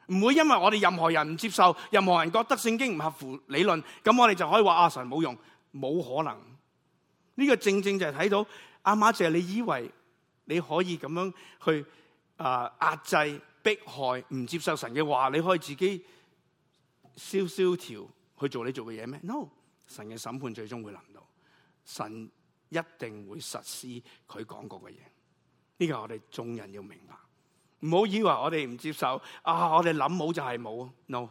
唔會因為我哋任何人唔接受，任何人覺得聖經唔合乎理論，咁我哋就可以話阿、啊、神冇用，冇可能。呢、這個正正就係睇到阿瑪謝，你以為你可以咁樣去啊、呃、壓制、迫害、唔接受神嘅話，你可以自己蕭蕭條。去做你做嘅嘢咩？no，神嘅審判最終會臨到，神一定會實施佢講過嘅嘢。呢個係我哋眾人要明白，唔好以為我哋唔接受啊，我哋諗冇就係冇。no，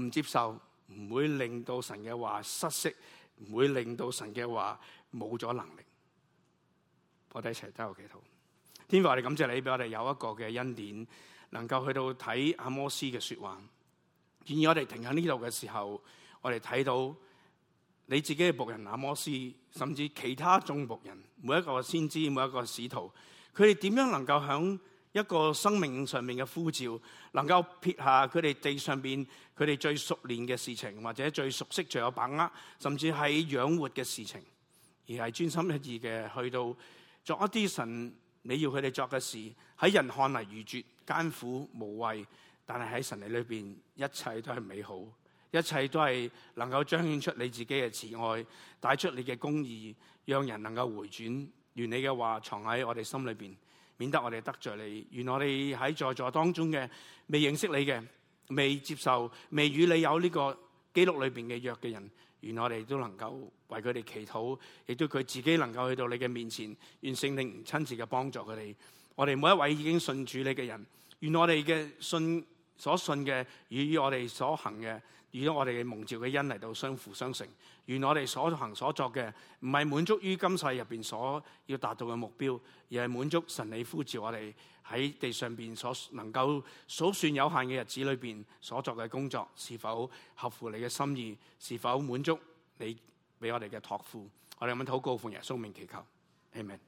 唔接受唔會令到神嘅話失色，唔會令到神嘅話冇咗能力。我哋一齊禱告祈討，天父，我哋感謝你俾我哋有一個嘅恩典，能夠去到睇阿摩司嘅說話。建議我哋停喺呢度嘅時候，我哋睇到你自己嘅僕人阿摩司，甚至其他眾僕人，每一個先知，每一個使徒，佢哋點樣能夠響一個生命上面嘅呼召，能夠撇下佢哋地上面佢哋最熟練嘅事情，或者最熟悉、最有把握，甚至係養活嘅事情，而係專心一意嘅去到作一啲神你要佢哋作嘅事，喺人看嚟如絕艱苦無畏。但是喺神裏邊，一切都係美好，一切都係能夠彰顯出你自己嘅慈愛，帶出你嘅公義，讓人能夠回轉。願你嘅話藏喺我哋心裏面，免得我哋得罪你。願我哋喺在，在座，座當中嘅未認識你嘅，未接受、未與你有呢個記錄裏面嘅約嘅人，願我哋都能夠為佢哋祈禱，亦都佢自己能夠去到你嘅面前，願聖靈親自嘅幫助佢哋。我哋每一位已經信主你嘅人，願我哋嘅信。所信嘅與我哋所行嘅，與我哋蒙召嘅恩嚟到相輔相成。願我哋所行所作嘅，唔係滿足於今世入邊所要達到嘅目標，而係滿足神你呼召我哋喺地上邊所能夠數算有限嘅日子裏邊所作嘅工作，是否合乎你嘅心意？是否滿足你俾我哋嘅託付？我哋揾禱告，奉耶穌名祈求，阿們。